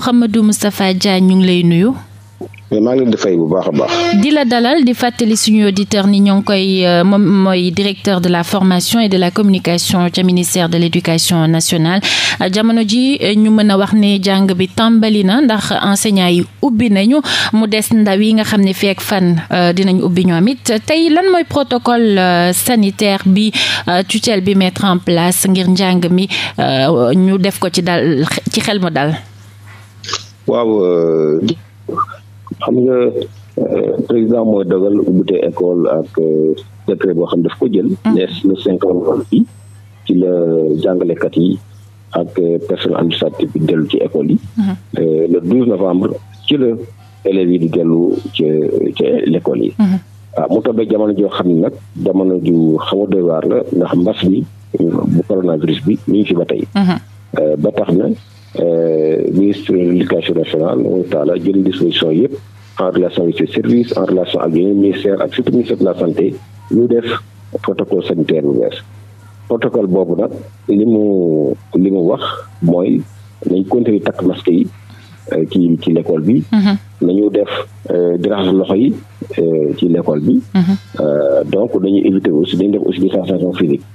Mouhamadou Moustapha Diagne ñu ngi lay nuyu. maa ngi leen di bu baax a baax. di la dalal di fàttali suñu auditeur ni ñoo ngi koy euh, moom mooy directeur de la formation et de la communication ca ministère de l' éducation nationale euh, jamono ji euh, ñu mën a wax ne jàng bi tàmbali na ndax enseignants yi ubbi nañu mu des ndaw yi nga xam ne feek fan dinañ ubbi ñoom it tey lan mooy protocole sanitaire bi tutelle bi mettre en place ngir njàng mi ñu def ko ci dal ci xel mu dal. waaw euh, xam nga euh, président mooy dogal ubbite école ak euh, décret boo xam daf ko jël. Mm. nees le bi ci la jàngalekat yi ak personnel administratif bi dellu ci école yi. Mm-hmm. le douze novembre ci la élèves yi di dellu ci l'école yi. waaw mm-hmm. ah, mu tombé jamono joo xam ne nag jamono ju xaw a doy waar la ndax mbas mi bu coronavirus bi ñu ngi fi ba tey. Mm-hmm. ba tax na. Euh, ministre de l'éducation nationale taala jël disposition yëpp en relation avec ses services en relation ak yeneen ministère ak surtout ministère de la santé ñu def protocole sanitaire bu bees protocole boobu nag li mu li mu wax mooy nañ continuer takk masque yi euh, ci ci l'école bi mhm. nañu def euh, di raxas loxo yi ci l'école bi mhm. donc dañuy éviter aussi dañu def aussi distanciation physique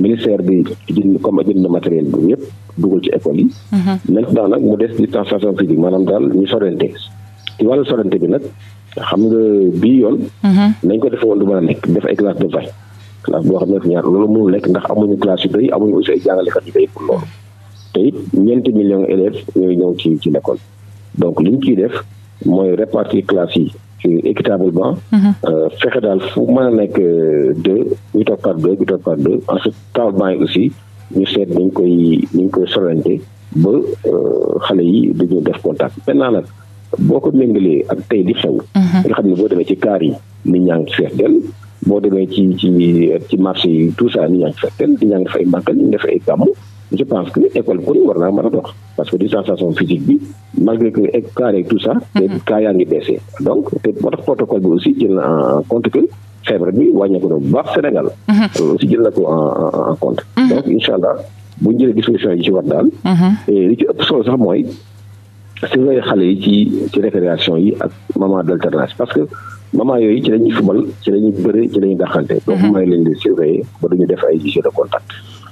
ministère bi jënd comme jënd na matériel bi yëpp dugal ci école yi. Mhm. maintenant nag mu des distanciation physique maanaam daal ñu sorante ci wàllu sorante bi nag xam nga bi yoon. Mhm. nañ ko defee woon du a nekk def ay classe de vingt boo xam ne ñaar loolu mënul nekk ndax amuñu classe yu doy amuñu aussi ay jàngalekat yu doy pour loolu te it ñeenti millions élèves ñooy ñëw ci ci l'école donc li ñu ciy def mooy répartir classe yi. ci équitablement. Mhm. Euh, fexe daal fu mën a nekk euh, deux huit heures par deux huit heures par deux en ce temps yi aussi ñu seet nañ koy nañ koy sorante ba euh, xale yi dañu def contact maintenant nag boo ko méngalee ak tey di xew. Mhm. nga xam ne boo demee ci kaar yi nit ñaa ngi del boo demee ci ci ci marché yi tout ça nit ñaa ngi seet del nit ñaa ngi def ay màggal ñu def ay gàmmu. je pense que école pour war naa mën a dox parce que distanciation physique bi malgré que e, cas yeeg tout ça. Mhm. te cas yaa ngi baissé. donc te moo tax protocole bi aussi jël na en compte que bi wàññeeku na bu baax Sénégal. loolu mhm. euh, aussi jël na ko en en compte. Mhm. donc incha allah bu ñu disposition yi ci war daal. li ci yi ci ci récréation yi parce que. maman yooyu ci lañuy fubal ci lañuy bëre ci lañuy daxante donc mooy leen surveiller ba duñu def ay de contact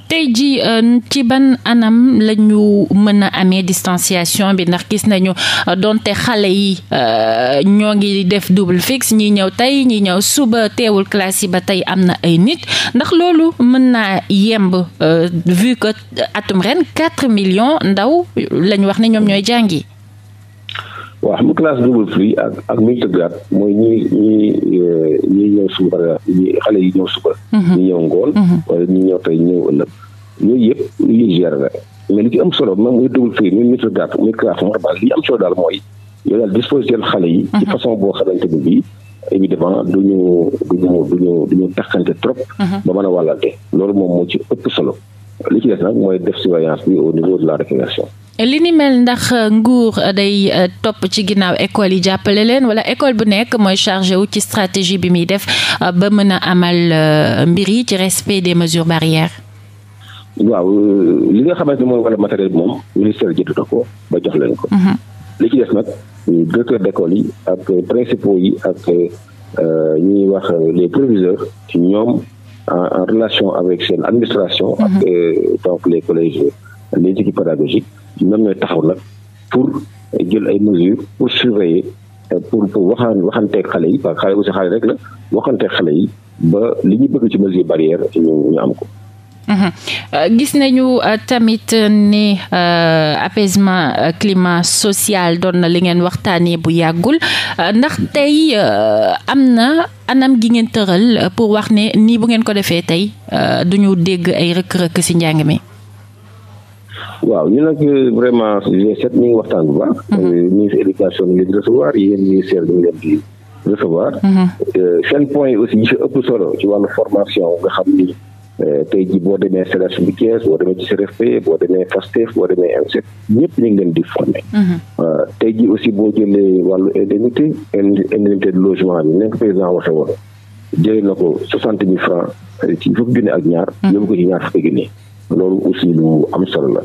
tey ji euh, ci ban anam la ñu mën a amee distanciation bi ndax gis nañu euh, donte xale yi euh, ñoo ngi def double fixe ñi ñëw tey ñi ñëw suba teewul classe yi ba tey am na ay nit ndax loolu mën naa yemb vu que atum ren quatre millions ndaw lañ wax ne ñoom ñooy jàngi. waaw xam nga classe double flux ak ak multigrade mooy ñi ñi eh, ñi ñëw suba ñi xale yi ñëw suba. Mhm. ñi ñëw ngoon. Mhm. wala ñi ñëw tey ñëw ëllëg yooyu yëpp liy gérer la mais li ci am solo même muy double flux muy multigrade muy classe normale li am solo daal mooy yow daal dispositif xale yi. Mhm. ci façon boo xamante ni bii. évidemment du ñu du ñu du ñu du ñu takkante trop. ba mën a wàllante loolu moom moo ci ëpp solo. li nag mooy def surveillance bi au niveau de la récréation. li ni mel ndax euh, nguur euh, day euh, topp ci ginnaaw école yi jàppale leen wala école bu nekk mooy chargé wu ci stratégie bi muy def ba mën a amal mbir yi ci respect des mesures barrières. waaw li nga xamante ne mooy wala matériel bi moom ministère jëndu na ko ba jox leen ko. Mhm. li ci des nag directeur d'école yi ak principaux yi ak ñuy wax les proviseurs ñoom. en, en relation avec seen administration. Mm -hmm. ak mhm. euh, donc les collèges les équipes pédagogiques ñoom ñooy taxaw nag pour jël ay mesures pour surveiller euh, pour pour waxaan waxanteeg xale yi parce que xale aussi xale rek la waxanteeg xale yi ba li ñu bëgg ci mesure barrière ñu ñu am ko. Mhm. Euh, gis nañu euh, tamit euh, ne apaisement climat social doon na li ngeen waxtaanee bu yàggul ndax tey am na anam gi ngeen tëral pour wax ne nii bu ngeen ko defee tey duñu dégg ay rëkk-rëkk ci njàng mi. waaw ñu nag vraiment G7 ñu ngi waxtaan bu baax. Mhm. ministre éducation ñu di recevoir. Mhm. seen point yi aussi ñu ci ëpp solo ci wàllu formation nga xam ni. Euh, tey ji boo demee CELAS bu Thiès boo demee ci CRFP boo demee FASTEF boo demee INSEP ñëpp ñu ngi leen di formé. Mhm. Euh, tey ji aussi boo jëlee wàllu indemnité indemnité de logement bi nekk président waxe woon jëlee na ko soixante mille francs ci fukki junni ak ñaar. Mhm. yóbbu ko ci ñaar fukki junni loolu aussi lu am solo la.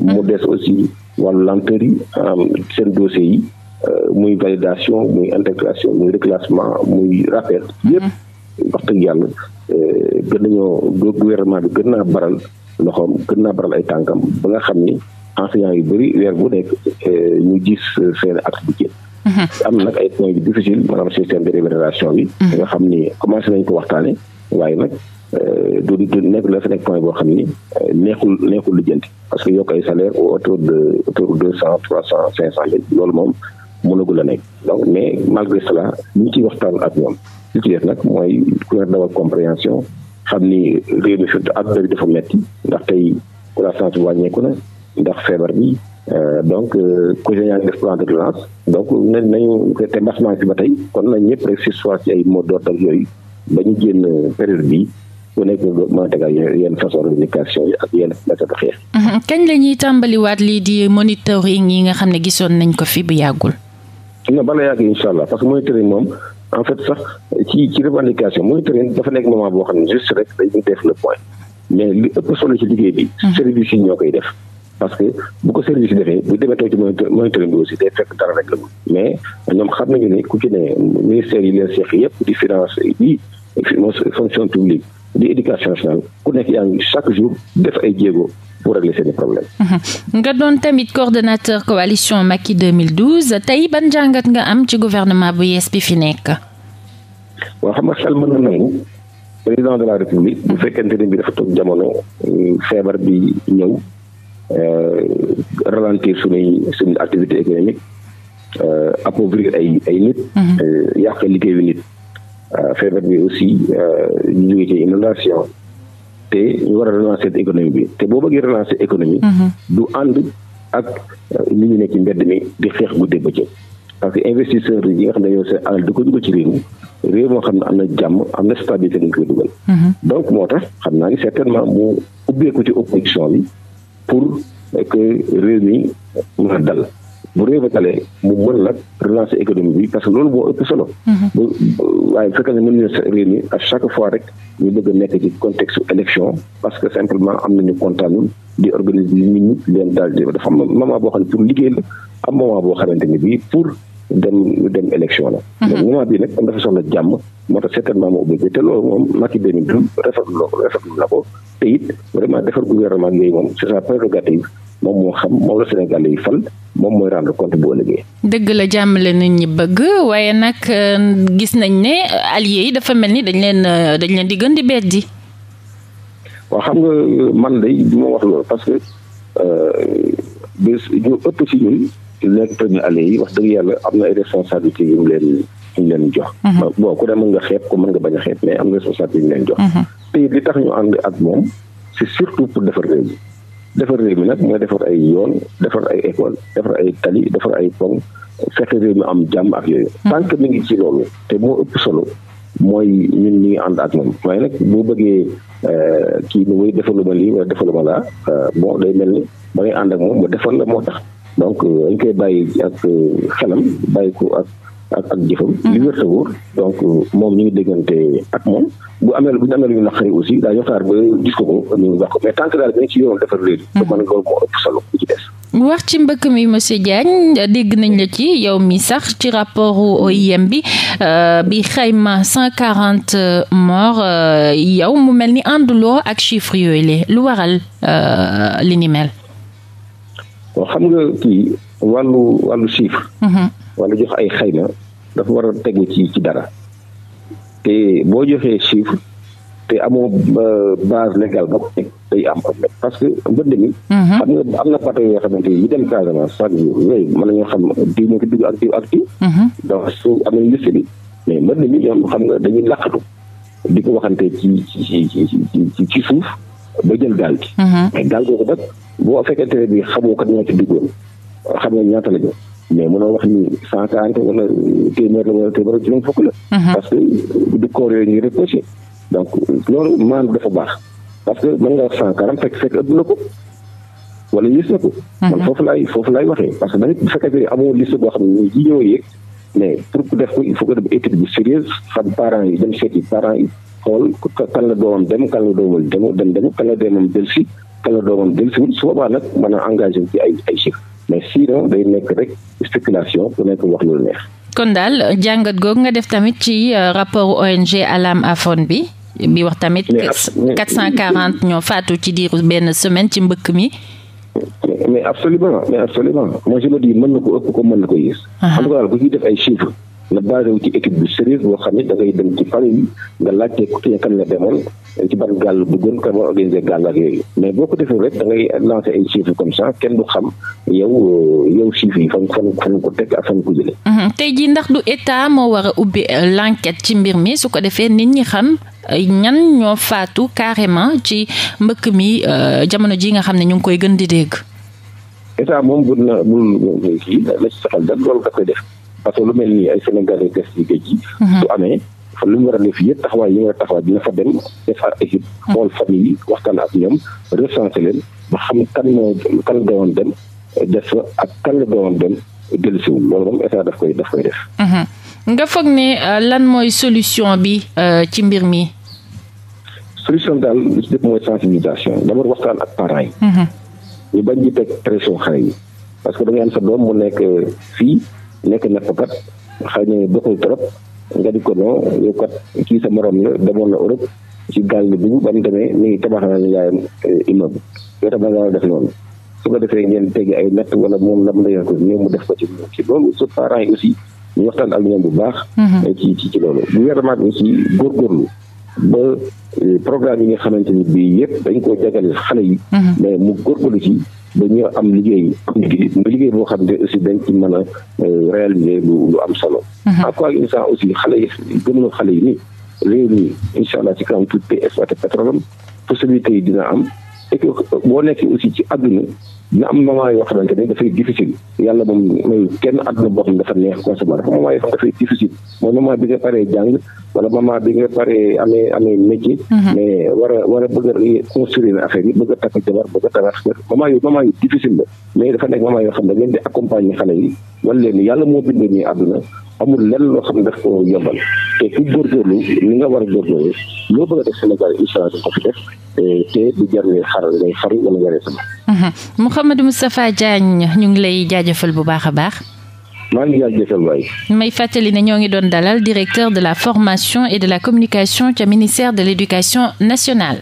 Mhm. mu des aussi wàllu lenteur seen dossier yi euh, muy validation muy intégration muy reclassement muy rappel yëpp. dëgg yàlla eh, gën nañoo gouvernement bi gën naa baral loxoom gën naa baral ay tànkam ba nga xam ni enseignants yu bëri weer bu nekk eh, ñu gis eh, seen activité mhm. am nag ay points yu difficile maanaam système de rémunération bi mhm. nga xam ni commencé nañ ko waxtaane waaye nag du du nekk la fa nekk point boo xam ni neexul neexul lijjanti parce que yokk ay salaire autour de autour de deux cent trois cent cinq cent mille loolu moom mënagul a nekk donc mais malgré cela ñu li ci def nag mooy ku leen ni réew mi fi àdduna bi dafa metti ndax tey croissance bi na ndax feebar bi euh, donc cousin yaa ngi def plan de relance donc nee nañu te mbas maa ngi kon nañ ñëpp rek si soit ci ay mot d'ordre ba ñu génn euh, bi ku nekk mën a tegal yenn façon yi ak yenn méthode xeex. Mhm. kañ la ñuy lii di monitoring yi nga xam ne gisoon nañ ko fi bu yàggul. non bala yàgg incha allah parce que monitoring moom en fait sax ci ci revendication monitoring dafa nekk moment boo xam ne juste rek dañuy def le point mais li ëpp solo ci liggéey bi. Mhm. service yi ñoo koy def. parce que bu ko service defee bu demee toog ci bi aussi day fekk dara rek la mais ñoom xam nañu ne ku ci ne ministère yi leen seex yëpp di finance fonction publique. di éducation nationale ku nekk yaa ngi chaque jour def ay jéego pour régler seen problème mhm. nga doon tamit coordonnateur coalition Macky 2012 tey ban jàngat nga am ci gouvernement bu yees bi fi nekk. waaw xam nga xel mën na nangu président de la république bu mhm. fekkente ne bi dafa toog jamono euh, feebar bi ñëw euh, ralentir suñuy suñu activité économique euh, appauvrir ay ay nit. Mhm. yàq liggéeyu nit. Euh, feebar bi aussi euh, ñu jógee ci inondation te ñu war a relancer économie bi te boo bëggee relancer économie. Mhm. du ànd ak li euh, ñu nekk ci mbedd mi di xeex guddee bëccëg. parce que investisseurs yi nga xam ne yow seen alal di ko dugal ci réew mi réew moo xam ne am na jàmm am na stabilité lañ koy dugal. Mhm. donc moo tax xam naa ni certainement mu ubbeeku ci opposition bi pour que réew mi mën a dal. bu réew mi talee mu mën nag relancer économie bi parce que loolu moo ëpp solo. Mhm. waaye bu fekkee ne mën nañu réew mi à chaque fois rek ñu bëgg a nekk ci contexte élection parce que simplement am nañu kontaanul di organiser nit ñi leen daal di dafa am boo xam ne xamante ni bi pour. dem ñu dem élection la. donc mhm. moment bii nag dafa soxla jàmm moo tax certainement moo obligé te loolu moom Macky 2012 rafetlu rafetlu na ko te it vraiment defar gouvernement yooyu moom c'est sa prérogative moom moo xam moom la Sénégal yi fal moom mooy rendre compte bu ëllëgee. dëgg la jàmm la nit ñi bëgg waaye nag euh, gis nañ ne alliés yi dafa mel ni dañ leen euh, dañ leen di gën di beddi. waaw xam nga euh, man day du ma wax loolu parce que bi ñu ëpp ci ñun. nekk premier wax dëgg yàlla am na ay responsabilités yu mu leen leen jox. Mhm. bon ku ne mën nga xeeb ko mën nga bañ a xeeb am na responsabilité yu mu leen mhm. li tax ñu ànd ak moom c'est surtout pour defar defar réew mi nag mooy defar ay yoon defar ay école defar ay tali ay pont fexe réew am jàmm yooyu. Mhm. tant mi ngi ci loolu te moo ëpp solo. mooy ñun ñi ngi ànd at moom waaye nag boo bëggee euh, kii nu muy defaluma lii wala defaluma laa euh, bon day mel ni ba ngay moom mu defal la moo tax donc euh, dañ koy bàyyi ak euh, xelam bàyyi ko ak jëfam. Mhm. li wóor donc euh, moom ñu ngi déggante ak moom bu amee bu ñu amee aussi daa ñu xaar ba gis ko ko ñu wax ko mais tant que daal dañ ci yoon defar léegi. Mhm. ba wax ci mbëkk mi monsieur Diagne dégg nañ la ci yow mi sax ci rapport OIM bi bi xayma cent quarante morts yow mu mel ni ànduloo ak chiffre yooyu la lu waral li ni mel. kon xam nga kii wàllu wàllu chiffre. Mm-hmm. wala jox ay xayma dafa war a tegu ci ci dara te boo joxee chiffre te amoo euh, base légale ba ko teg day am problème que mbënd mi. Mm-hmm. am na bateau yoo xamante ni dem Casamance chaque jour yooyu mën nañoo xam diw moo ci dugg ak diw ak diw. Mm-hmm. donc su liste bi mais mbënd mi ñoom xam nga dañuy laqatu di ko waxante ci ci suuf ba jël gaal gi. mais gaal googu nag. boo fekkente ne bii xamoo kat ñoo ci duggoon xam nga ñaata la ñu mais mënoo wax ni cent quarante wala téeméer la wala téeméer juróom fukk la. Mhm. parce que du koor yooyu ñuy reproché donc loolu maanaam dafa baax parce que mën nga wax cent quarante fekk fekk ëpp na ko wala yées na ko. Mhm. man foofu laay foofu laay waxee parce que tamit bu fekkente ne amoo boo xam ne ñu ji ñëw mais pour def ko il faut que def étude bu sérieuse xam parents yi dem seeti parents yi xool kan la doomam dem kan la doomam dem te la doomam jël si su boobaa nag mën a engagé ci ay ay chiffres mais sinon day nekk rek spéculation ku nekk wax loolu neex. kon daal jàngat googu nga def tamit ci euh, rapport ONG Alam Afon bi bi wax tamit. quatre cent quarante ñoo faatu ci diiru benn semaine ci mbëkk mi. mais absolument mais absolument moi je mën na ko ëpp ko mën na ko yées. en tout daal ku ciy def ay chiffres. nga basé ci équipe bu sérieuse boo xam ne da ngay dem ci famille yi nga laajte ku teye kan la demoon ci ban gàll bu gën kan moo organisé ak yooyu mais boo ko defee da ay chiffres comme ça kenn du xam yow yow chiffres yi fan fan ko teg ak fan jii ndax du état moo war a ubbi l'enquête ci mbir mi su ko defee nit ñi xam ñan ñoo faatu carrément ci mbëkk mi jamono ji nga xam ne ñu ngi koy gën di dégg. état moom bu na bu na kii la ci saxal dal loolu da koy def. parce que lu mel nii ay sénégalais des ci géej gi mhm. su amee fa lu mu war a def yëpp taxawaay yi ñu war a taxawaay dina fa dem def ak équipe mhm. xool famille yi waxtaan ak ñoom recensé leen ba xam kan moo kan dem dem dellusiwul koy def mhm. nga foog ne euh, lan mooy solution bi euh, ci mbir mi solution daal li ci def mooy sensibilisation d'abord waxtaan ak parents yi ñu bañ di teg pression xale yi parce que da ngay sa doom mu nekk fii nekk nappkat xëy na bokkul trop nga di ko non yow kat kii sa morom la demoon na Europe ci gaal bi dugg ba mu demee ni tabax na yaayam eh, immeuble yow tam nga def loolu su ko defee ngeen tege ay natt wala moom la mu la ko néew mu def ko ci ci loolu su parents yi aussi ñu waxtaan ak ñoom bu baax. Mhm. Eh, ci ci ci loolu. gouvernement bi aussi góorgóorlu ba eh, programme yi nga xamante ni bii yëpp dañ koo jagal xale yi. Mhm. mais mu góorgóorlu ci. ba ñu am liggéey am liggéey mu liggéey boo xam ne aussi dañ ci mën a euh, réaliser lu lu am solo. à mhm. quoi une fois aussi xale yi gëmloo xale yi nii réew mi incha allah ci kanam tuuti exploité pétrole am possibilité yi dina am et que boo nekkee aussi ci àdduna dina am moment yoo xamante ne dafay difficile yàlla moom may kenn àdduna boo xam dafa neex consommer dafa moment yoo xam dafay difficile mooy moment bi nga wala moment bi nga paree amee amee métier. Mhm. a war bëgg a construire affaire bëgg a takk jabar bëgg a mais dafa nekk moment yoo xam ne leen di accompagner xale yi wala leen yàlla moo bindee nii àdduna amul lenn loo xam ne daf ko yombal te ku góorgóorlu li nga war a góorgóorlu loo bëgg def Sénégal incha allah ko fi def te du jar ngay xar ngay xaru wala nga Mhm. Mouhamadou Moustapha Diagne ñu ngi lay jaajëfal bu baax a baax. maa ngi may fàttali ne ñoo ngi doon dalal directeur de la formation et de la communication ca ministère de l'éducation nationale.